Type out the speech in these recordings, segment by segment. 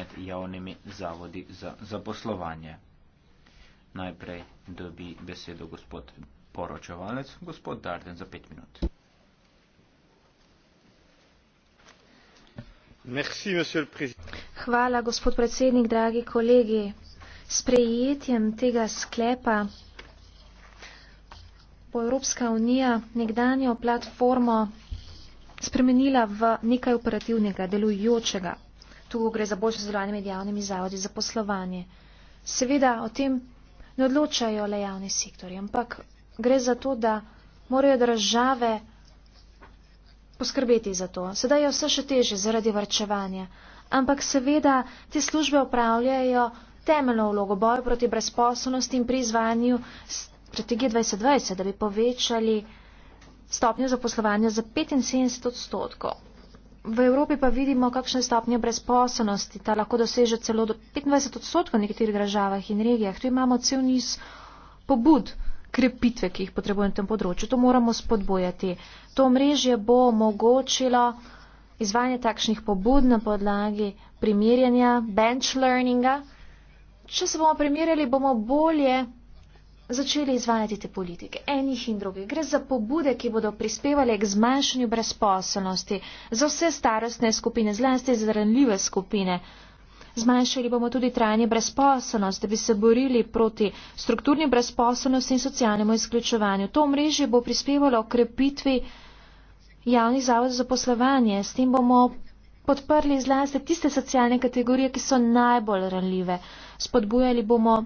med javnimi zavodi za zaposlovanje. Najprej dobi besedo gospod poročevalec, gospod Darden za pet minut. Merci, Hvala, gospod predsednik, dragi kolegi. S prejetjem tega sklepa bo Evropska unija nekdanjo platformo spremenila v nekaj operativnega, delujočega, Tu gre za boljše zdravljanje med javnimi zavodi za poslovanje. Seveda o tem ne odločajo le javni sektori, ampak gre za to, da morajo države poskrbeti za to. Sedaj je vse še teže zaradi vrčevanja, ampak seveda te službe upravljajo temeljno vlogo boja proti brezposobnosti in pri izvajanju strategije 2020, da bi povečali stopnjo zaposlovanja za 75 odstotkov. V Evropi pa vidimo, kakšne stopnje brezposobnosti ta lahko doseže celo do 25 odstotkov v nekaterih državah in regijah. Tu imamo cel niz pobud, krepitve, ki jih potrebujemo na tem področju. To moramo spodbojati. To mrežje bo omogočilo izvajanje takšnih pobud na podlagi primerjanja, bench learninga. Če se bomo primerjali, bomo bolje začeli izvajati te politike enih in drugih. Gre za pobude, ki bodo prispevali k zmanjšanju brezposobnosti za vse starostne skupine, zlasti za ranljive skupine. Zmanjšali bomo tudi trajanje brezposobnosti, da bi se borili proti strukturni brezposobnosti in socialnemu izključevanju. To mreže bo prispevalo k krepitvi javnih zavodov za poslovanje. S tem bomo podprli zlasti tiste socialne kategorije, ki so najbolj ranljive. Spodbujali bomo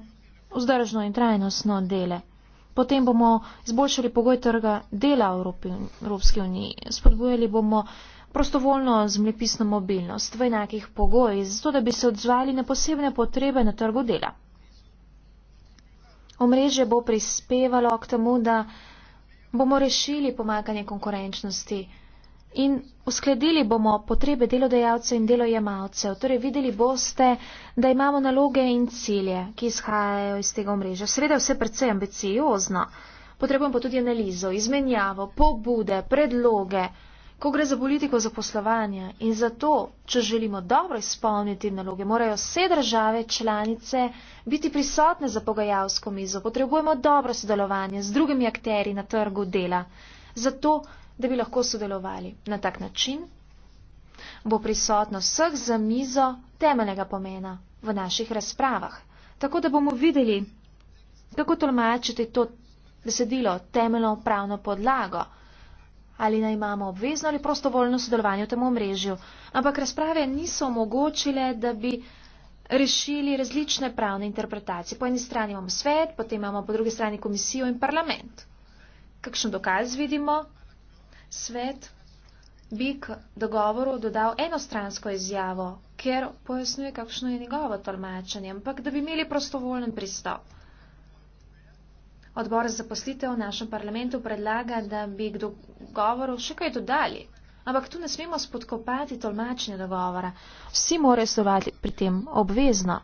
vzdržno in trajnostno dele. Potem bomo izboljšali pogoj trga dela v Evropski uniji, spodbujali bomo prostovoljno zemljepisno mobilnost v enakih pogojih, zato da bi se odzvali na posebne potrebe na trgu dela. Omrežje bo prispevalo k temu, da bomo rešili pomakanje konkurenčnosti. In uskladili bomo potrebe delodajalcev in delojemalcev. Torej, videli boste, da imamo naloge in cilje, ki izhajajo iz tega omrežja. Seveda vse precej ambiciozno. Potrebujemo pa tudi analizo, izmenjavo, pobude, predloge, ko gre za politiko zaposlovanja. In zato, če želimo dobro izpolniti naloge, morajo vse države članice biti prisotne za pogajalsko mizo. Potrebujemo dobro sodelovanje z drugimi akteri na trgu dela. Zato da bi lahko sodelovali. Na tak način bo prisotno vseh za mizo temeljnega pomena v naših razpravah. Tako da bomo videli, kako tolmačiti to besedilo, temeljno pravno podlago, ali naj imamo obvezno ali prostovoljno sodelovanje v tem omrežju. Ampak razprave niso omogočile, da bi rešili različne pravne interpretacije. Po eni strani imamo svet, potem imamo po drugi strani komisijo in parlament. Kakšen dokaz vidimo? svet bi k dogovoru dodal enostransko izjavo, ker pojasnjuje, kakšno je njegovo tolmačenje, ampak da bi imeli prostovoljen pristop. Odbor za poslitev v našem parlamentu predlaga, da bi k dogovoru še kaj dodali, ampak tu ne smemo spodkopati tolmačenje dogovora. Vsi morajo slovati pri tem obvezno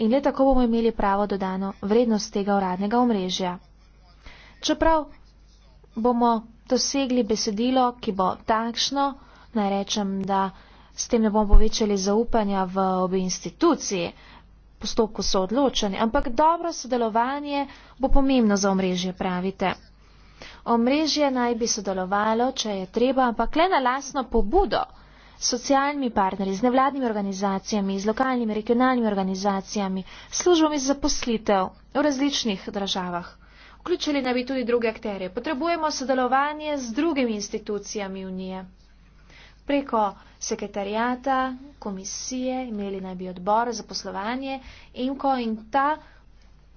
in le tako bomo imeli pravo dodano vrednost tega uradnega omrežja. Čeprav bomo dosegli besedilo, ki bo takšno, naj rečem, da s tem ne bomo povečali zaupanja v obi instituciji, postopku so odločeni, ampak dobro sodelovanje bo pomembno za omrežje, pravite. Omrežje naj bi sodelovalo, če je treba, ampak le na lasno pobudo s socialnimi partnerji, z nevladnimi organizacijami, z lokalnimi, regionalnimi organizacijami, službami za poslitev v različnih državah. Vključili naj bi tudi druge akterje. Potrebujemo sodelovanje z drugimi institucijami unije. Preko sekretarijata, komisije, imeli naj bi odbor za poslovanje, IMKO in ta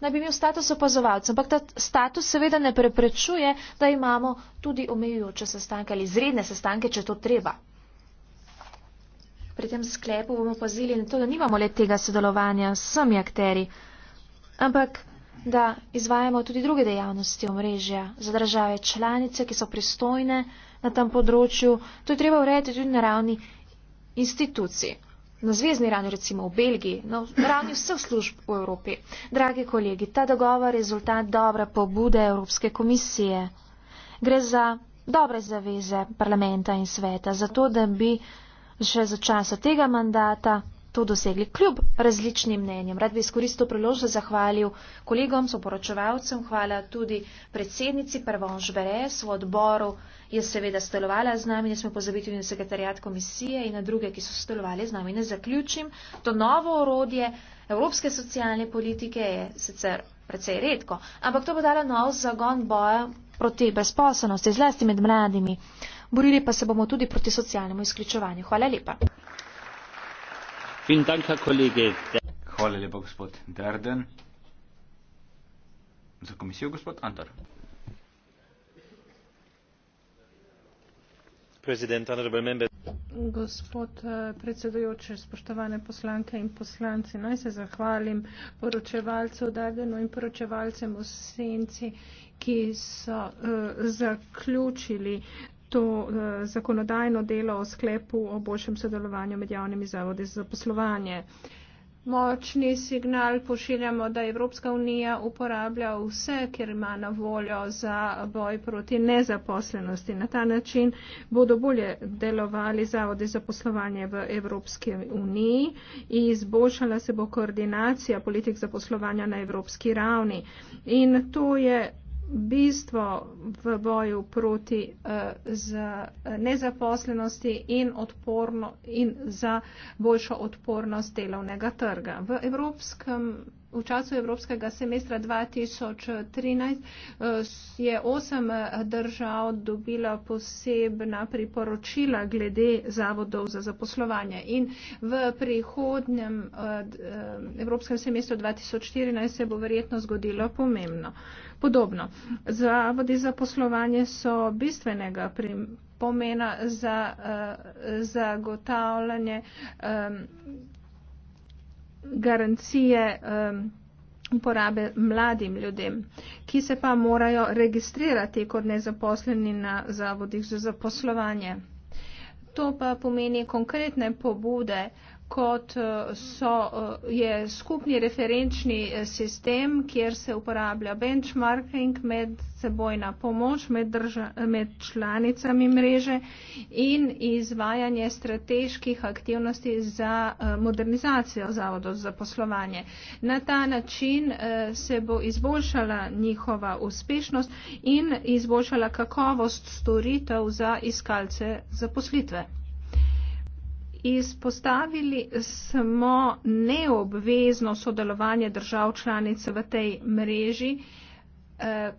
naj bi imel status opazovalca. Ampak ta status seveda ne preprečuje, da imamo tudi omejujoče sestanke ali izredne sestanke, če to treba. Pri tem sklepu bomo pazili na to, da nimamo le tega sodelovanja s vsemi akteri, ampak da izvajamo tudi druge dejavnosti omrežja za države članice, ki so pristojne na tem področju. To je treba urediti tudi na ravni institucij. Na zvezdni ravni, recimo v Belgiji, na ravni vseh služb v Evropi. Dragi kolegi, ta dogovor je rezultat dobre pobude Evropske komisije. Gre za dobre zaveze parlamenta in sveta, zato da bi še za časa tega mandata to dosegli kljub različnim mnenjem. Rad bi izkoristil priložnost zahvalil kolegom, soporočevalcem, hvala tudi predsednici Prvon Žberes v odboru, je seveda stolovala z nami, ne smemo pozabiti tudi na sekretarijat komisije in na druge, ki so stolovali z nami. Ne zaključim, to novo orodje evropske socialne politike je sicer precej redko, ampak to bo dalo nov zagon boja proti brezposobnosti, zlasti med mladimi. Borili pa se bomo tudi proti socialnemu izključevanju. Hvala lepa. Hvala lepa, gospod Derden. Za komisijo, gospod Andor. Gospod eh, predsedujoči, spoštovane poslanke in poslanci, naj se zahvalim poročevalcu Dardenu in poročevalcem v Senci, ki so uh, zaključili uh, to uh, zakonodajno delo o sklepu o boljšem sodelovanju med javnimi zavodi za poslovanje. Močni signal pošiljamo, da Evropska unija uporablja vse, kjer ima na voljo za boj proti nezaposlenosti. Na ta način bodo bolje delovali zavode za poslovanje v Evropski uniji in izboljšala se bo koordinacija politik za poslovanja na evropski ravni. In to je bistvo v boju proti eh, z eh, nezaposlenosti in, odporno, in za boljšo odpornost delovnega trga. V evropskem u času evropskog semestra 2013 eh, je osam eh, držav dobila posebna priporočila glede zavodov za zaposlovanje in v prihodnjem eh, evropskem semestru 2014 se bo verjetno zgodilo pomembno. Podobno, zavodi za poslovanje so bistvenega pomena za zagotavljanje garancije um, uporabe mladim ljudem, ki se pa morajo registrirati kot nezaposleni na zavodih za zaposlovanje. To pa pomeni konkretne pobude, kot eh, so, eh, je skupni referenčni eh, sistem, kjer se uporablja benchmarking med sebojna pomoč med, drža, med članicami mreže in izvajanje strateških aktivnosti za modernizacijo zavodov za poslovanje. Na ta način se bo izboljšala njihova uspešnost in izboljšala kakovost storitev za iskalce zaposlitve izpostavili smo neobvezno sodelovanje držav članic v tej mreži. Eh,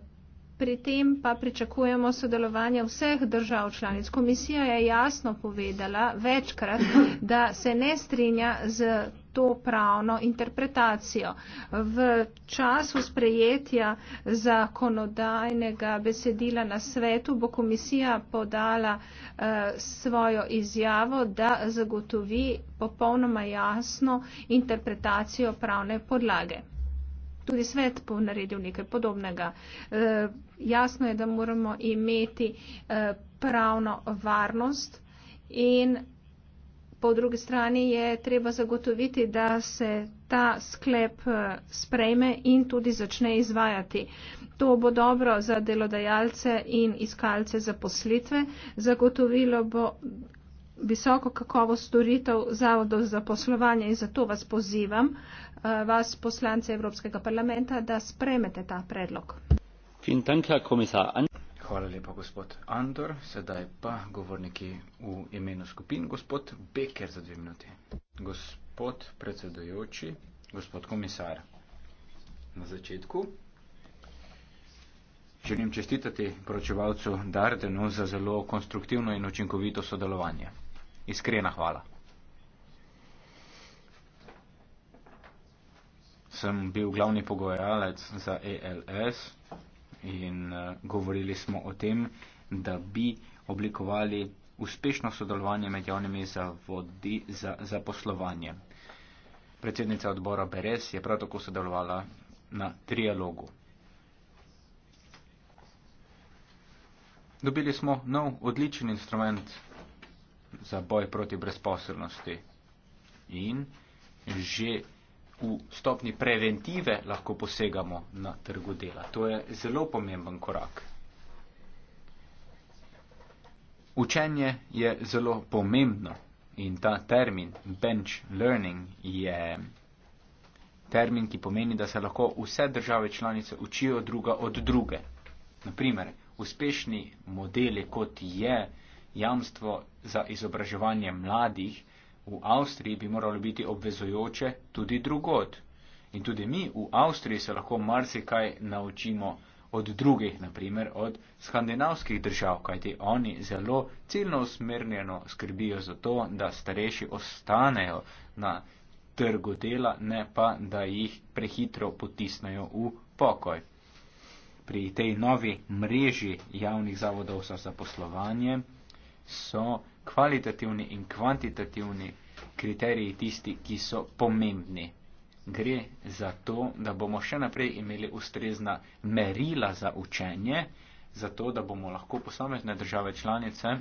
pri tem pa pričakujemo sodelovanje vseh držav članic. Komisija je jasno povedala večkrat, da se ne strinja z to pravno interpretacijo. V času sprejetja zakonodajnega besedila na svetu bo komisija podala eh, svojo izjavo, da zagotovi popolnoma jasno interpretacijo pravne podlage. Tudi svet bo naredil nekaj podobnega. Eh, jasno je, da moramo imeti eh, pravno varnost in po drugi strani je treba zagotoviti, da se ta sklep eh, sprejme in tudi začne izvajati. To bo dobro za delodajalce in iskalce zaposlitve. Zagotovilo bo visoko kakovo storitev zavodov za poslovanje in zato vas pozivam, eh, vas poslance Evropskega parlamenta, da spremete ta predlog. Vielen Dank, Herr Kommissar. Hvala lepa, gospod Andor. Sedaj pa govorniki v imenu skupin. Gospod Beker za dve minuti. Gospod predsedojoči, gospod komisar. Na začetku želim čestitati poročevalcu Dardenu za zelo konstruktivno in učinkovito sodelovanje. Iskrena hvala. Sem bil glavni pogojalec za ALS. E in uh, govorili smo o tem, da bi oblikovali uspešno sodelovanje med javnimi zavodi za zaposlovanje. Za Predsednica odbora Beres je prav tako sodelovala na trialogu. Dobili smo nov odličen instrument za boj proti brezposobnosti in že v stopni preventive lahko posegamo na trgu dela. To je zelo pomemben korak. Učenje je zelo pomembno in ta termin bench learning je termin, ki pomeni, da se lahko vse države članice učijo druga od druge. Naprimer, uspešni modeli, kot je jamstvo za izobraževanje mladih, v Avstriji bi moralo biti obvezojoče tudi drugot. In tudi mi v Avstriji se lahko marsikaj naučimo od drugih, naprimer od skandinavskih držav, kajti oni zelo ciljno usmerjeno skrbijo za to, da starejši ostanejo na trgu dela, ne pa, da jih prehitro potisnejo v pokoj. Pri tej novi mreži javnih zavodov za zaposlovanje so kvalitativni in kvantitativni kriteriji tisti, ki so pomembni. Gre za to, da bomo še naprej imeli ustrezna merila za učenje, zato da bomo lahko posamezne države članice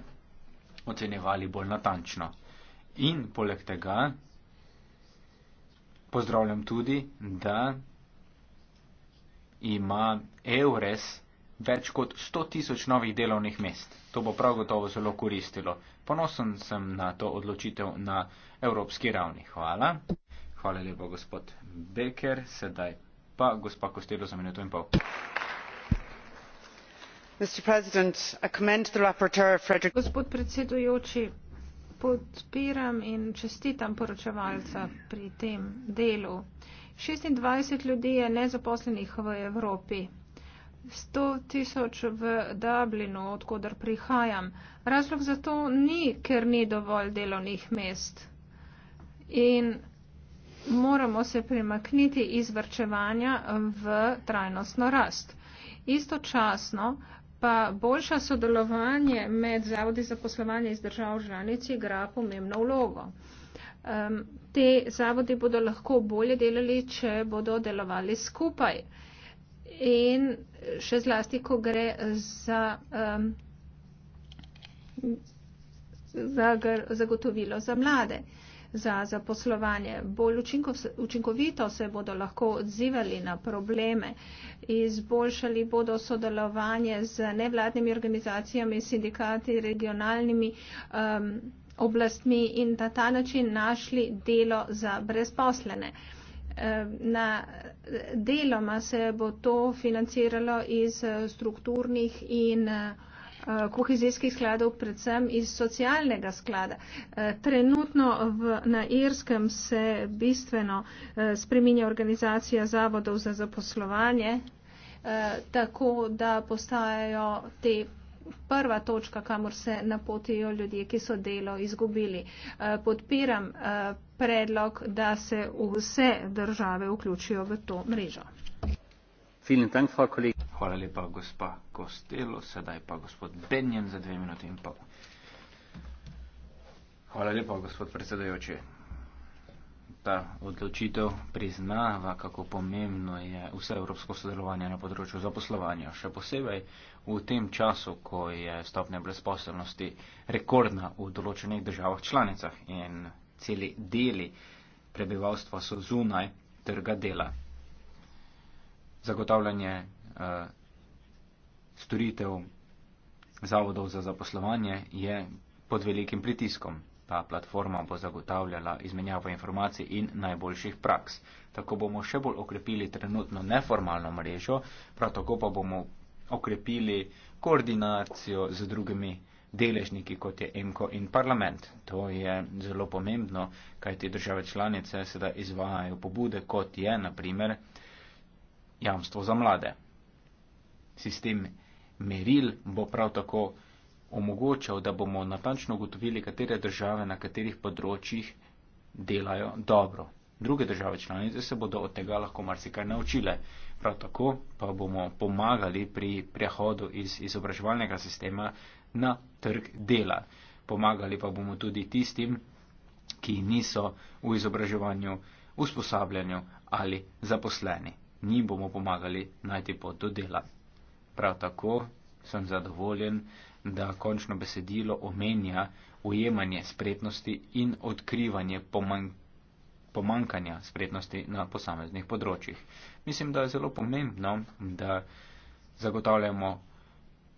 ocenjevali bolj natančno. In poleg tega pozdravljam tudi, da ima EURES več kot 100 tisoč novih delovnih mest. To bo prav gotovo zelo koristilo. Ponosen sem na to odločitev na evropski ravni. Hvala. Hvala lepo, gospod Becker. Sedaj pa gospa Kostelo za minuto in pol. Gospod predsedujoči, podpiram in čestitam poročevalca pri tem delu. 26 ljudi je nezaposlenih v Evropi. 100 tisoč v Dublinu, odkudar prihajam. Razlog za to ni, ker ni dovolj delovnih mest. In moramo se premakniti iz vrčevanja v trajnostno rast. Istočasno pa boljša sodelovanje med zavodi za poslovanje iz držav žlanici igra pomembno vlogo. Um, te zavodi bodo lahko bolje delali, če bodo delovali skupaj in še zlasti, ko gre za, um, za gr, zagotovilo za mlade, za zaposlovanje. Bolj učinko, učinkovito se bodo lahko odzivali na probleme, izboljšali bodo sodelovanje z nevladnimi organizacijami, sindikati, regionalnimi. Um, oblastmi in na ta način našli delo za brezposlene. Um, na deloma se bo to financiralo iz eh, strukturnih in eh, eh, kohezijskih skladov, predvsem iz socialnega sklada. Trenutno v, na Irskem se bistveno spreminja organizacija zavodov za zaposlovanje, tako da postajajo te prva točka, kamor se napotijo ljudje, ki so delo izgubili. Podpiram predlog, da se vse države vključijo v to mrežo. Hvala lepa, gospa Kostelo. Sedaj pa gospod Benjen za dve minuti in pol. Hvala lepa, gospod predsedajoče. Ta odločitev priznava, kako pomembno je vse evropsko sodelovanje na področju zaposlovanja. Še posebej v tem času, ko je stopnja brezposobnosti rekordna v določenih državah članicah in celi deli prebivalstva so zunaj trga dela. Zagotavljanje eh, storitev zavodov za zaposlovanje je pod velikim pritiskom. Ta platforma bo zagotavljala izmenjavo informacij in najboljših praks. Tako bomo še bolj okrepili trenutno neformalno mrežo, prav tako pa bomo okrepili koordinacijo z drugimi deležniki, kot je EMKO in parlament. To je zelo pomembno, kaj te države članice sedaj izvajajo pobude, kot je naprimer jamstvo za mlade. Sistem meril bo prav tako omogočal, da bomo natančno ugotovili, katere države na katerih področjih delajo dobro. Druge države članice se bodo od tega lahko marsikaj naučile. Prav tako pa bomo pomagali pri prehodu iz izobraževalnega sistema na trg dela. Pomagali pa bomo tudi tistim, ki niso v izobraževanju, usposabljanju ali zaposleni. Njim bomo pomagali najti pot do dela. Prav tako sem zadovoljen, da končno besedilo omenja ujemanje spretnosti in odkrivanje pomankanja pomankanja spretnosti na posameznih področjih. Mislim, da je zelo pomembno, da zagotavljamo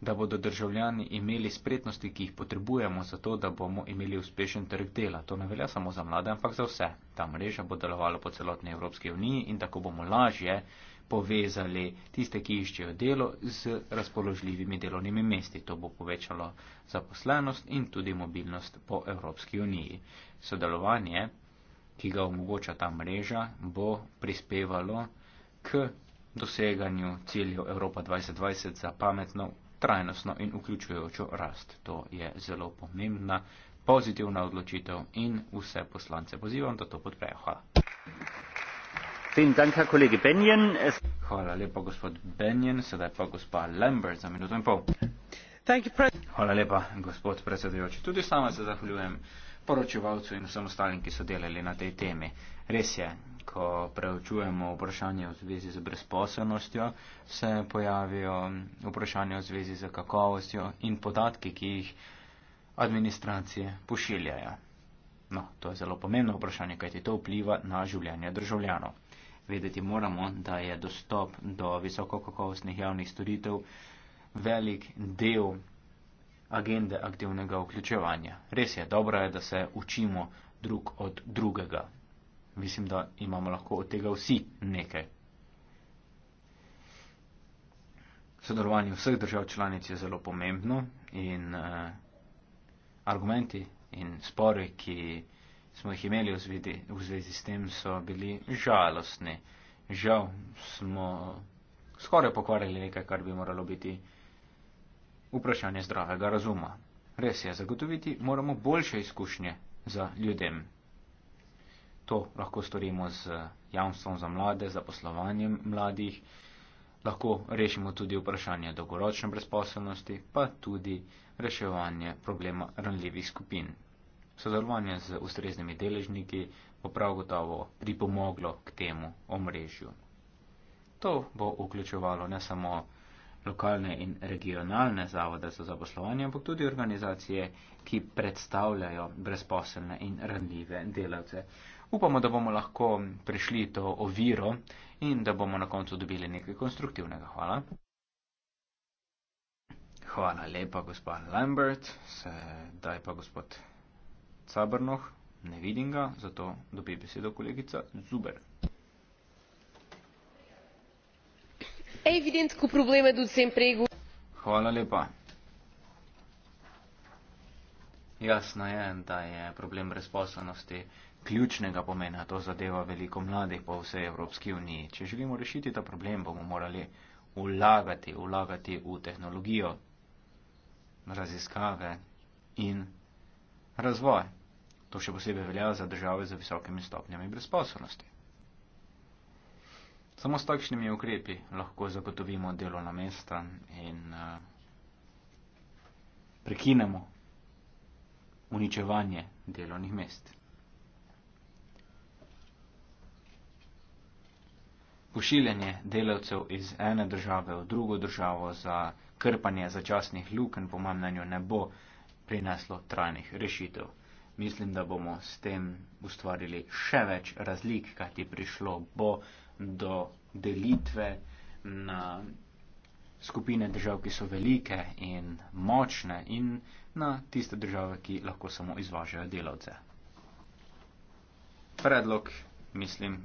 da bodo državljani imeli spretnosti, ki jih potrebujemo za to, da bomo imeli uspešen trg dela. To ne velja samo za mlade, ampak za vse. Ta mreža bo delovala po celotni Evropski uniji in tako bomo lažje povezali tiste, ki iščejo delo z razpoložljivimi delovnimi mesti. To bo povečalo zaposlenost in tudi mobilnost po Evropski uniji. Sodelovanje, ki ga omogoča ta mreža, bo prispevalo k doseganju ciljev Evropa 2020 za pametno trajnostno in vključujočo rast. To je zelo pomembna, pozitivna odločitev in vse poslance pozivam, da to podprejo. Hvala. Hvala lepa, gospod Benjen. Sedaj pa gospa Lambert za minuto in pol. Hvala lepa, gospod predsedujoči. Tudi sama se zahvaljujem poročevalcev in vsem ostalim, ki so delali na tej temi. Res je, ko preučujemo vprašanje v zvezi z brezposobnostjo, se pojavijo vprašanje v zvezi z kakovostjo in podatki, ki jih administracije pošiljajo. No, to je zelo pomembno vprašanje, kajti to vpliva na življenje državljanov. Vedeti moramo, da je dostop do visokokakovostnih javnih storitev velik del agende aktivnega vključevanja. Res je, dobro je, da se učimo drug od drugega. Mislim, da imamo lahko od tega vsi nekaj. Sodelovanje vseh držav članic je zelo pomembno in eh, argumenti in spori, ki smo jih imeli v zvezi, v zvezi s tem, so bili žalostni. Žal smo skoraj pokvarjali nekaj, kar bi moralo biti vprašanje zdravega razuma. Res je, zagotoviti moramo boljše izkušnje za ljudem. To lahko storimo z jamstvom za mlade, z zaposlovanjem mladih, lahko rešimo tudi vprašanje dolgoročne brezposobnosti, pa tudi reševanje problema ranljivih skupin. Sodelovanje z ustreznimi deležniki bo prav gotovo pripomoglo k temu omrežju. To bo vključevalo ne samo lokalne in regionalne zavode za zaposlovanje, ampak tudi organizacije, ki predstavljajo brezposelne in randljive delavce. Upamo, da bomo lahko prišli to oviro in da bomo na koncu dobili nekaj konstruktivnega. Hvala. Hvala lepa, gospod Lambert. Sedaj pa gospod Cabrnoh, ne vidim ga, zato dobi besedo kolegica Zuber. É evidente que o problema do desemprego. Hvala lepa. Jasno je, da je problem brezposobnosti ključnega pomena. To zadeva veliko mladih po vsej Evropski uniji. Če želimo rešiti ta problem, bomo morali vlagati, vlagati v tehnologijo, raziskave in razvoj. To še posebej velja za države z visokimi stopnjami brezposobnosti. Samo s takšnimi ukrepi lahko zagotovimo delovna mesta in uh, prekinemo uničevanje delovnih mest. Pošiljanje delavcev iz ene države v drugo državo za krpanje začasnih lukenj, po mojem mnenju, ne bo prineslo trajnih rešitev. Mislim, da bomo s tem ustvarili še več razlik, kaj ti prišlo bo do delitve na skupine držav, ki so velike in močne in na tiste države, ki lahko samo izvažajo delavce. Predlog mislim,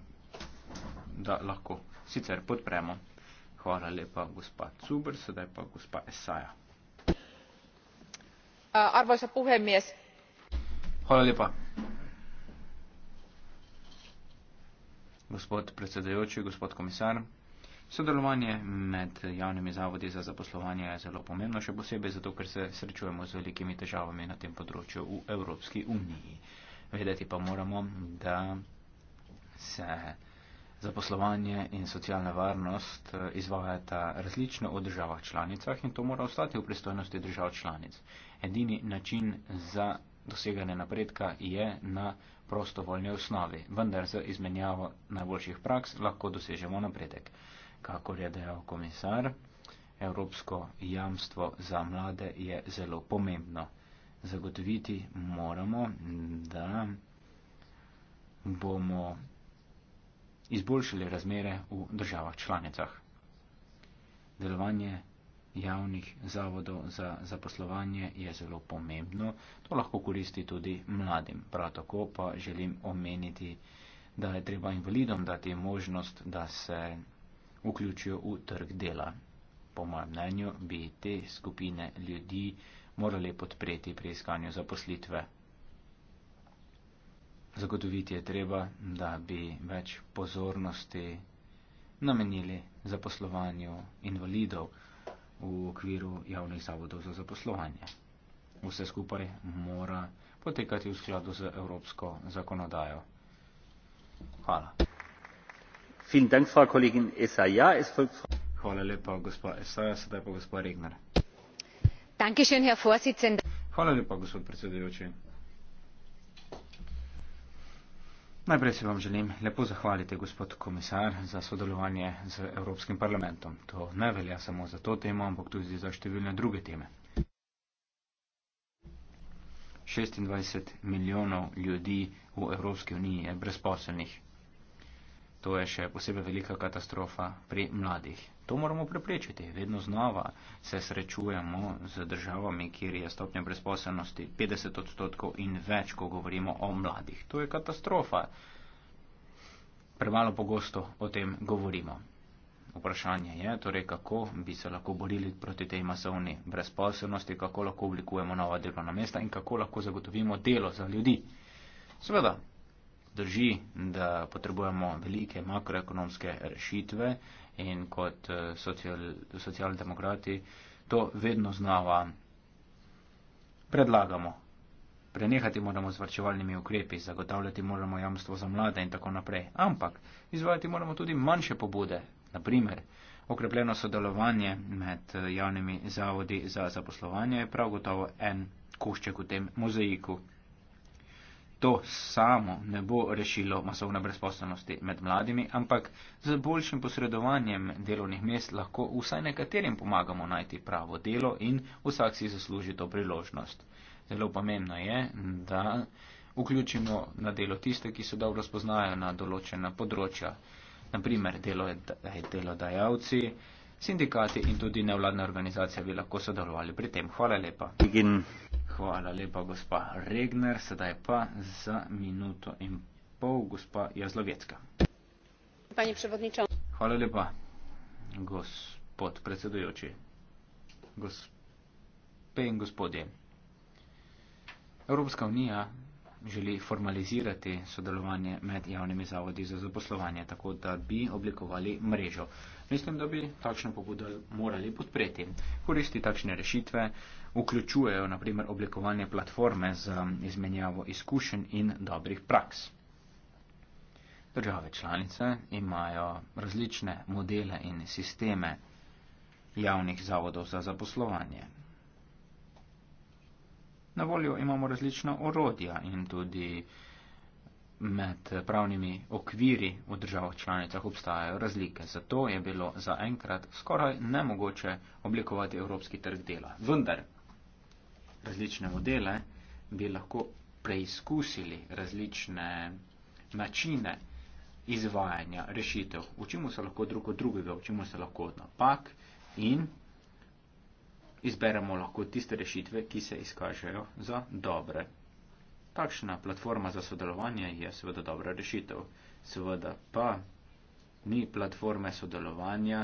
da lahko sicer podpremo. Hvala lepa, gospa Cuber, sedaj pa gospa Esaja. Arvoisa puhemies. Hvala lepa, gospod predsedajoči, gospod komisar. Sodelovanje med javnimi zavodi za zaposlovanje je zelo pomembno, še posebej zato, ker se srečujemo z velikimi težavami na tem področju v Evropski uniji. Vedeti pa moramo, da se zaposlovanje in socialna varnost eh, izvajata različno v državah članicah in to mora ostati v pristojnosti držav članic. Edini način za doseganje napredka je na prostovoljni osnovi, vendar z izmenjavo najboljših praks lahko dosežemo napredek. Kako je dejal komisar, evropsko jamstvo za mlade je zelo pomembno. Zagotoviti moramo, da bomo izboljšali razmere v državah članicah. Delovanje javnih zavodov za zaposlovanje je zelo pomembno. To lahko koristi tudi mladim. Prav tako pa želim omeniti, da je treba invalidom dati možnost, da se vključijo v trg dela. Po mojem mnenju bi te skupine ljudi morali podpreti pri iskanju zaposlitve. Zagotoviti je treba, da bi več pozornosti namenili zaposlovanju invalidov v okviru javnih zavodov za zaposlovanje. Vse skupaj mora potekati v skladu z evropsko zakonodajo. Hvala. Hvala lepa, gospod Esaja, sedaj pa gospod Regner. Hvala lepa, gospod predsedujoči. Najprej se vam želim lepo zahvaliti, gospod komisar, za sodelovanje z Evropskim parlamentom. To ne velja samo za to temo, ampak tudi za številne druge teme. 26 milijonov ljudi v Evropski uniji je brezposelnih. To je še posebej velika katastrofa pri mladih. To moramo preprečiti. Vedno znova se srečujemo z državami, kjer je stopnja brezposelnosti 50 odstotkov in več, ko govorimo o mladih. To je katastrofa. Premalo pogosto o tem govorimo. Vprašanje je, torej, kako bi se lahko borili proti tej masovni brezposelnosti, kako lahko oblikujemo nova delovna mesta in kako lahko zagotovimo delo za ljudi. Seveda, drži, da potrebujemo velike makroekonomske rešitve, in kot eh, socialdemokrati to vedno znova predlagamo. Prenehati moramo z vrčevalnimi ukrepi, zagotavljati moramo jamstvo za mlade in tako naprej. Ampak izvajati moramo tudi manjše pobude, naprimer. Okrepljeno sodelovanje med eh, javnimi zavodi za zaposlovanje je prav gotovo en košček v tem mozaiku. To samo ne bo rešilo masovne brezposobnosti med mladimi, ampak z boljšim posredovanjem delovnih mest lahko vsaj nekaterim pomagamo najti pravo delo in vsak si zasluži to priložnost. Zelo pomembno je, da vključimo na delo tiste, ki se dobro spoznajo na določena področja, naprimer delo, delodajalci, sindikati in tudi nevladne organizacije bi lahko sodelovali pri tem. Hvala lepa. Hvala lepa, gospa Regner. Sedaj pa za minuto in pol, gospa Jazlovecka. Hvala lepa, gospod predsedujoči. Gospe in gospodje. Evropska unija želi formalizirati sodelovanje med javnimi zavodi za zaposlovanje, tako da bi oblikovali mrežo. Mislim, da bi takšno pobudo morali podpreti. Koristi takšne rešitve vključujejo naprimer oblikovanje platforme za izmenjavo izkušenj in dobrih praks. Države članice imajo različne modele in sisteme javnih zavodov za zaposlovanje. Na voljo imamo različna orodja in tudi med pravnimi okviri v državah članicah obstajajo razlike. Zato je bilo zaenkrat skoraj nemogoče oblikovati evropski trg dela. Vendar različne modele bi lahko preizkusili različne načine izvajanja rešitev, učimo se lahko drug od drugega, učimo se lahko od napak in izberemo lahko tiste rešitve, ki se izkažejo za dobre. Takšna platforma za sodelovanje je seveda dobra rešitev, seveda pa ni platforme sodelovanja,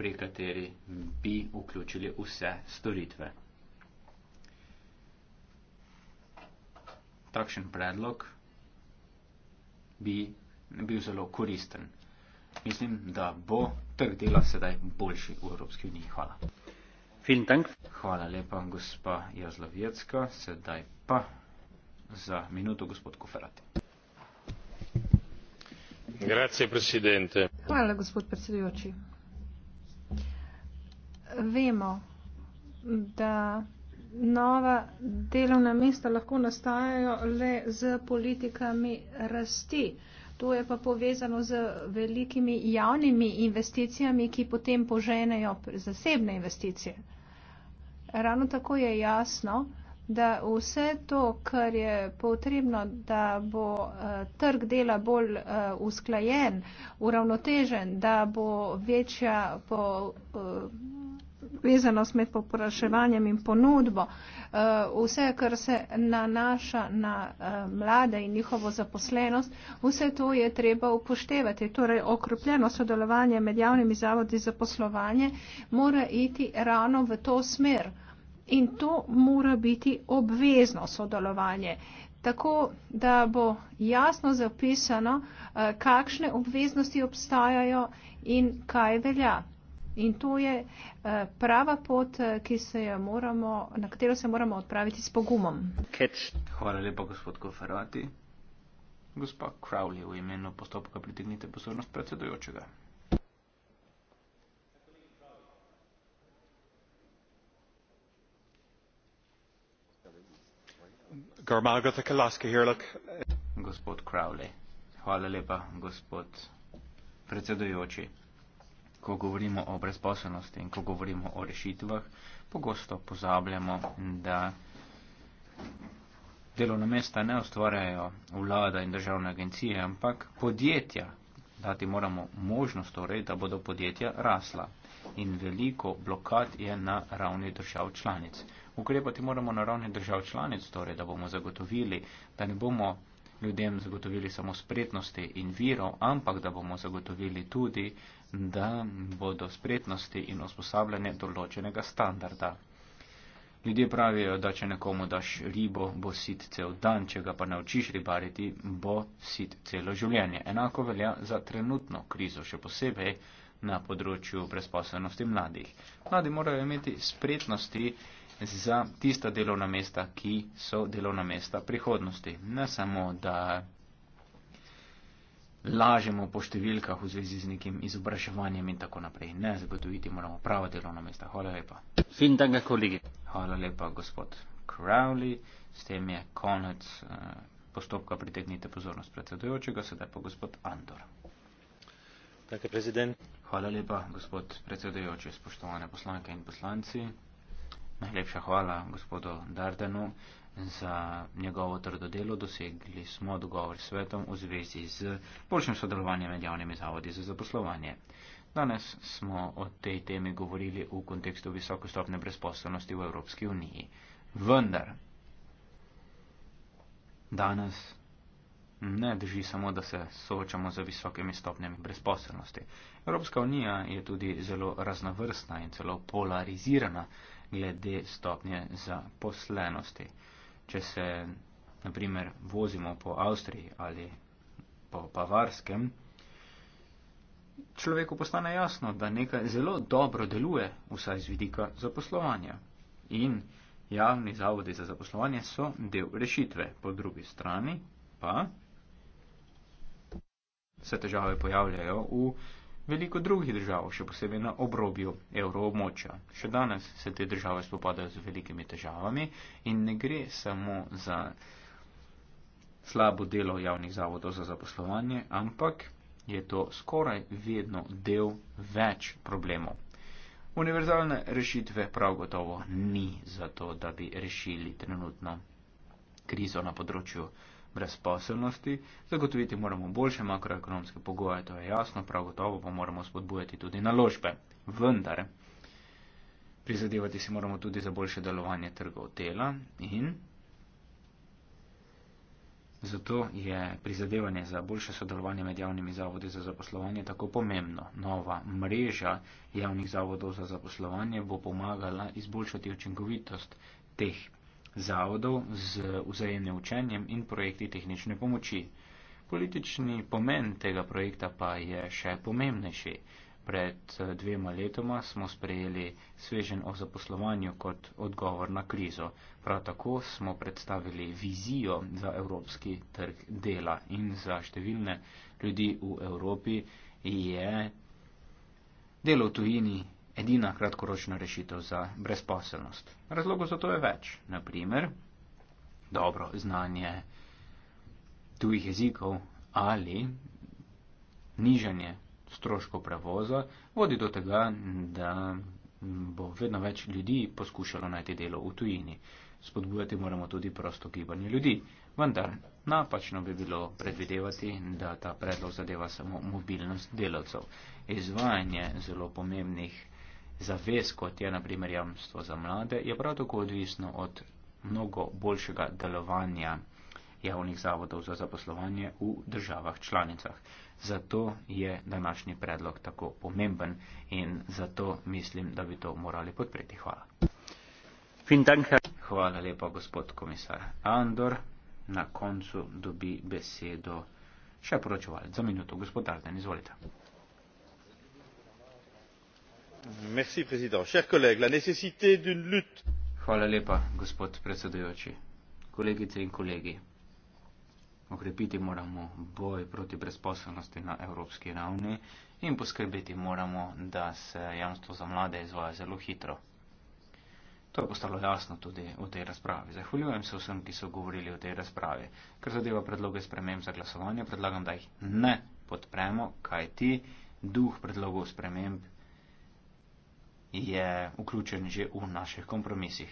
pri kateri bi vključili vse storitve. Takšen predlog bi bil zelo koristen. Mislim, da bo trg dela sedaj boljši v Evropski uniji. Hvala. Hvala lepa, gospa Jazlovjecka. Sedaj pa za minuto gospod Kuferati. Hvala, gospod predsedujoči. Vemo, da nova delovna mesta lahko nastajajo le z politikami rasti. Uh, To je pa povezano z velikimi javnimi investicijami, ki potem poženejo zasebne investicije. Ravno tako je jasno, da vse to, kar je potrebno, da bo uh, trg dela bolj uh, usklajen, uravnotežen, da bo večja po. Uh, vezanost med popraševanjem in ponudbo, eh, vse, kar se nanaša na eh, mlade in njihovo zaposlenost, vse to je treba upoštevati. Torej, okrepljeno sodelovanje med javnimi zavodi za poslovanje mora iti ravno v to smer in to mora biti obvezno sodelovanje. Tako, da bo jasno zapisano, eh, kakšne obveznosti obstajajo in kaj velja. In to je eh, prava pot, eh, se moramo, na katero se moramo odpraviti s pogumom. Catch. Hvala lepa, gospod Koferati. Gospa Crowley, v imenu postopka pritegnite pozornost predsedojočega. Gospod Crowley, hvala lepa, gospod predsedojoči ko govorimo o brezposobnosti in ko govorimo o rešitvah, pogosto pozabljamo, da delovna mesta ne ustvarjajo vlada in državne agencije, ampak podjetja. Dati moramo možnost torej, da bodo podjetja rasla. In veliko blokad je na ravni držav članic. Ukrepati moramo na ravni držav članic, torej, da bomo zagotovili, da ne bomo ljudem zagotovili samo spretnosti in viro, ampak da bomo zagotovili tudi da bodo spretnosti in usposabljanje določenega standarda. Ljudje pravijo, da če nekomu daš ribo, bo sit cel dan, če ga pa naučiš ribariti, bo sit celo življenje. Enako velja za trenutno krizo, še posebej na področju brezposobnosti mladih. Mladi morajo imeti spretnosti za tista delovna mesta, ki so delovna mesta prihodnosti. Ne samo, da lažemo po številkah v zvezi z nekim izobraževanjem in tako naprej. Ne, zagotoviti moramo prava delovna mesta. Hvala lepa. Fin dan ga kolegi. Hvala lepa, gospod Crowley. S tem je konec uh, postopka pritegnite pozornost predsedujočega, sedaj pa gospod Andor. Tako, prezident. Hvala lepa, gospod predsedujoči, spoštovane poslanke in poslanci. Najlepša hvala gospodu Dardenu za njegovo trdo delo dosegli smo dogovor s svetom v zvezi z boljšim sodelovanjem med javnimi zavodi za zaposlovanje. Danes smo o tej temi govorili v kontekstu visokostopne brezposobnosti v Evropski uniji. Vendar, danes ne drži samo, da se soočamo z visokimi stopnjami brezposobnosti. Evropska unija je tudi zelo raznovrstna in celo polarizirana glede stopnje zaposlenosti če se naprimer vozimo po Avstriji ali po Bavarskem, človeku postane jasno, da nekaj zelo dobro deluje, vsaj z vidika zaposlovanja. In javni zavodi za zaposlovanje so del rešitve, po drugi strani pa se težave pojavljajo v veliko drugih držav, še posebej na obrobju evroobmočja. Še danes se te države spopadajo z velikimi težavami in ne gre samo za slabo delo javnih zavodov za zaposlovanje, ampak je to skoraj vedno del več problemov. Univerzalne rešitve prav gotovo ni za to, da bi rešili trenutno krizo na področju brezposelnosti, zagotoviti moramo boljše makroekonomske pogoje, to je jasno, prav gotovo pa moramo spodbujati tudi naložbe. Vendar, prizadevati si moramo tudi za boljše delovanje trgov dela in zato je prizadevanje za boljše sodelovanje med javnimi zavodi za zaposlovanje tako pomembno. Nova mreža javnih zavodov za zaposlovanje bo pomagala izboljšati učinkovitost teh zavodov z vzajemnim učenjem in projekti tehnične pomoči. Politični pomen tega projekta pa je še pomembnejši. Pred eh, dvema letoma smo sprejeli svežen o zaposlovanju kot odgovor na krizo. Prav tako smo predstavili vizijo za evropski trg dela in za številne ljudi v Evropi je delo v tujini edina kratkoročna rešitev za brezposelnost. Razlogov za to je več. Naprimer, dobro znanje tujih jezikov ali nižanje stroškov prevoza vodi do tega, da bo vedno več ljudi poskušalo najti delo v tujini. Spodbujati moramo tudi prosto gibanje ljudi. Vendar napačno bi bilo predvidevati, da ta predlog zadeva samo mobilnost delavcev. Izvajanje zelo pomembnih zavez, kot je naprimer jamstvo za mlade, je prav tako odvisno od mnogo boljšega delovanja javnih zavodov za zaposlovanje v državah članicah. Zato je današnji predlog tako pomemben in zato mislim, da bi to morali podpreti. Hvala. Hvala lepa, gospod komisar Andor. Na koncu dobi besedo še poročevalec za minuto. Gospod Arden, izvolite monsieur le président chers collègues la nécessité d'une lutte okrepiti moramo boj proti brezposelnosti na evropski ravni in poskrbeti moramo, da se jamstvo za mlade izvaja zelo hitro. To je postalo jasno tudi v tej razpravi. Zahvaljujem se vsem, ki so govorili o tej razpravi. Ker zadeva predloge sprememb za glasovanje, predlagam, da jih ne podpremo, kaj ti duh predlogov sprememb je vključen že v naših kompromisih.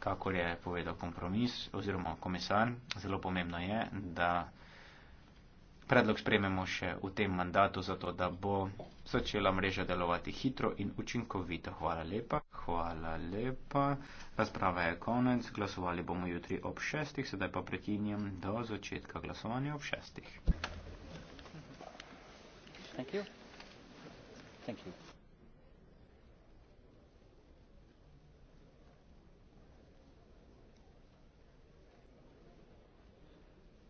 Kakor je povedal kompromis oziroma komisar, zelo pomembno je, da predlog sprememo še v tem mandatu, zato da bo začela mreža delovati hitro in učinkovito. Hvala lepa. Hvala lepa. Razprava je konec. Glasovali bomo jutri ob šestih, sedaj pa prekinjam do začetka glasovanja ob šestih. Thank you. Thank you.